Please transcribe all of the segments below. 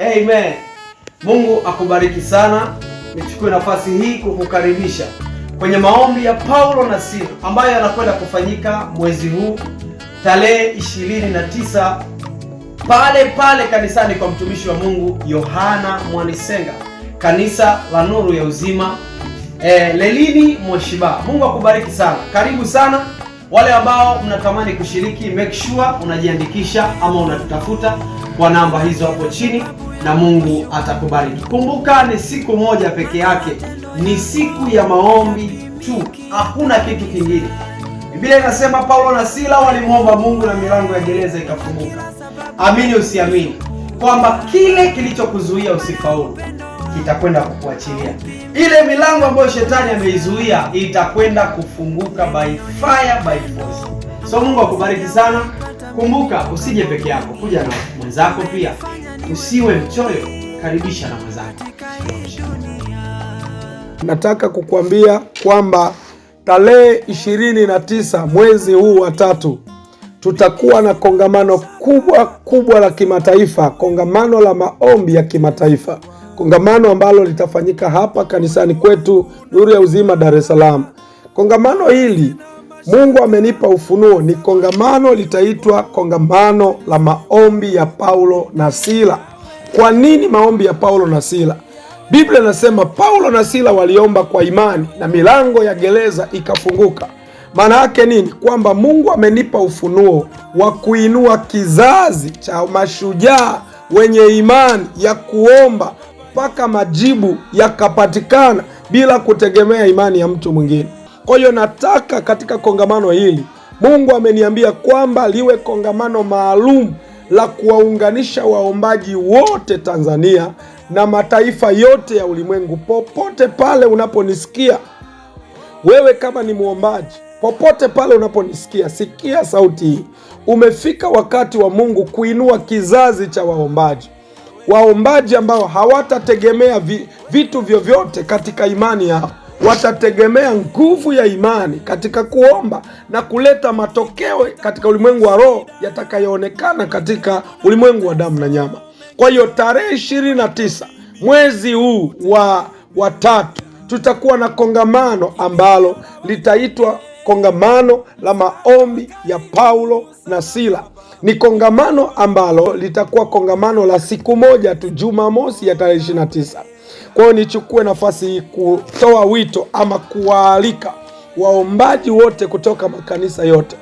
Amen. Mungu akubariki sana. Nichukue nafasi hii kukukaribisha kwenye maombi ya Paulo na Sila ambayo yanakwenda kufanyika mwezi huu tarehe 29 pale pale kanisani kwa mtumishi wa Mungu Yohana Mwanisenga, kanisa la Nuru ya Uzima e, Lelini Mwashiba. Mungu akubariki sana, karibu sana. Wale ambao mnatamani kushiriki, make sure unajiandikisha ama unatutafuta kwa namba hizo hapo chini na Mungu atakubariki. Kumbuka ni siku moja peke yake, ni siku ya maombi tu, hakuna kitu kingine. Biblia inasema Paulo na Sila walimwomba Mungu na milango ya gereza ikafunguka. Amini usiamini kwamba kile kilichokuzuia usifaulu kitakwenda kukuachilia. Ile milango ambayo shetani ameizuia itakwenda kufunguka by fire by force. So Mungu akubariki sana. Kumbuka usije peke yako, kuja nao mwenzako pia. Usiwe mchoyo, karibisha na mwenzako. Nataka kukuambia kwamba tarehe ishirini na tisa mwezi huu wa tatu tutakuwa na kongamano kubwa kubwa la kimataifa, kongamano la maombi ya kimataifa, kongamano ambalo litafanyika hapa kanisani kwetu Nuru ya Uzima, Dar es Salaam. Kongamano hili Mungu amenipa ufunuo. Ni kongamano litaitwa kongamano la maombi ya Paulo na Sila. Kwa nini maombi ya Paulo na Sila? Biblia inasema Paulo na Sila waliomba kwa imani na milango ya gereza ikafunguka. Maana yake nini? Kwamba Mungu amenipa ufunuo wa kuinua kizazi cha mashujaa wenye imani ya kuomba mpaka majibu yakapatikana bila kutegemea imani ya mtu mwingine. Kwa hiyo nataka katika kongamano hili, Mungu ameniambia kwamba liwe kongamano maalum la kuwaunganisha waombaji wote Tanzania na mataifa yote ya ulimwengu. Popote pale unaponisikia wewe, kama ni mwombaji, popote pale unaponisikia, sikia sauti hii. Umefika wakati wa Mungu kuinua kizazi cha waombaji, waombaji ambao hawatategemea vitu vyovyote katika imani yao watategemea nguvu ya imani katika kuomba na kuleta matokeo katika ulimwengu wa roho yatakayoonekana katika ulimwengu wa damu na nyama. Kwa hiyo tarehe ishirini na tisa mwezi huu wa watatu tutakuwa na kongamano ambalo litaitwa kongamano la maombi ya Paulo na Sila. Ni kongamano ambalo litakuwa kongamano la siku moja tu, Jumamosi ya tarehe tisa. Kwa hiyo nichukue nafasi hii kutoa wito ama kuwaalika waombaji wote kutoka makanisa yote.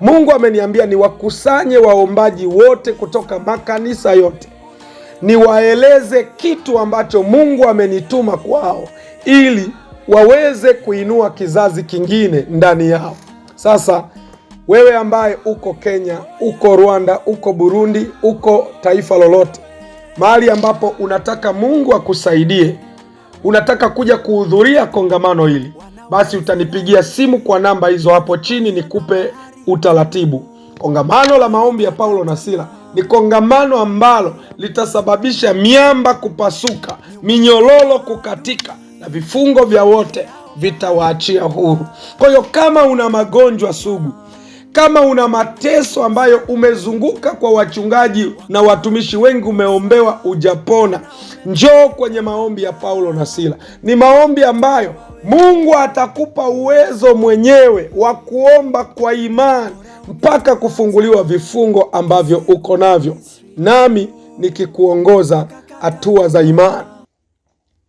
Mungu ameniambia niwakusanye waombaji wote kutoka makanisa yote, niwaeleze kitu ambacho Mungu amenituma kwao ili waweze kuinua kizazi kingine ndani yao. Sasa wewe ambaye uko Kenya, uko Rwanda, uko Burundi, uko taifa lolote mahali ambapo unataka Mungu akusaidie, unataka kuja kuhudhuria kongamano hili, basi utanipigia simu kwa namba hizo hapo chini, nikupe utaratibu. Kongamano la maombi ya Paulo na Sila ni kongamano ambalo litasababisha miamba kupasuka, minyololo kukatika, na vifungo vya wote vitawaachia huru. Kwa hiyo kama una magonjwa sugu kama una mateso ambayo umezunguka kwa wachungaji na watumishi wengi, umeombewa ujapona, njoo kwenye maombi ya Paulo na Sila. Ni maombi ambayo Mungu atakupa uwezo mwenyewe wa kuomba kwa imani mpaka kufunguliwa vifungo ambavyo uko navyo, nami nikikuongoza hatua za imani.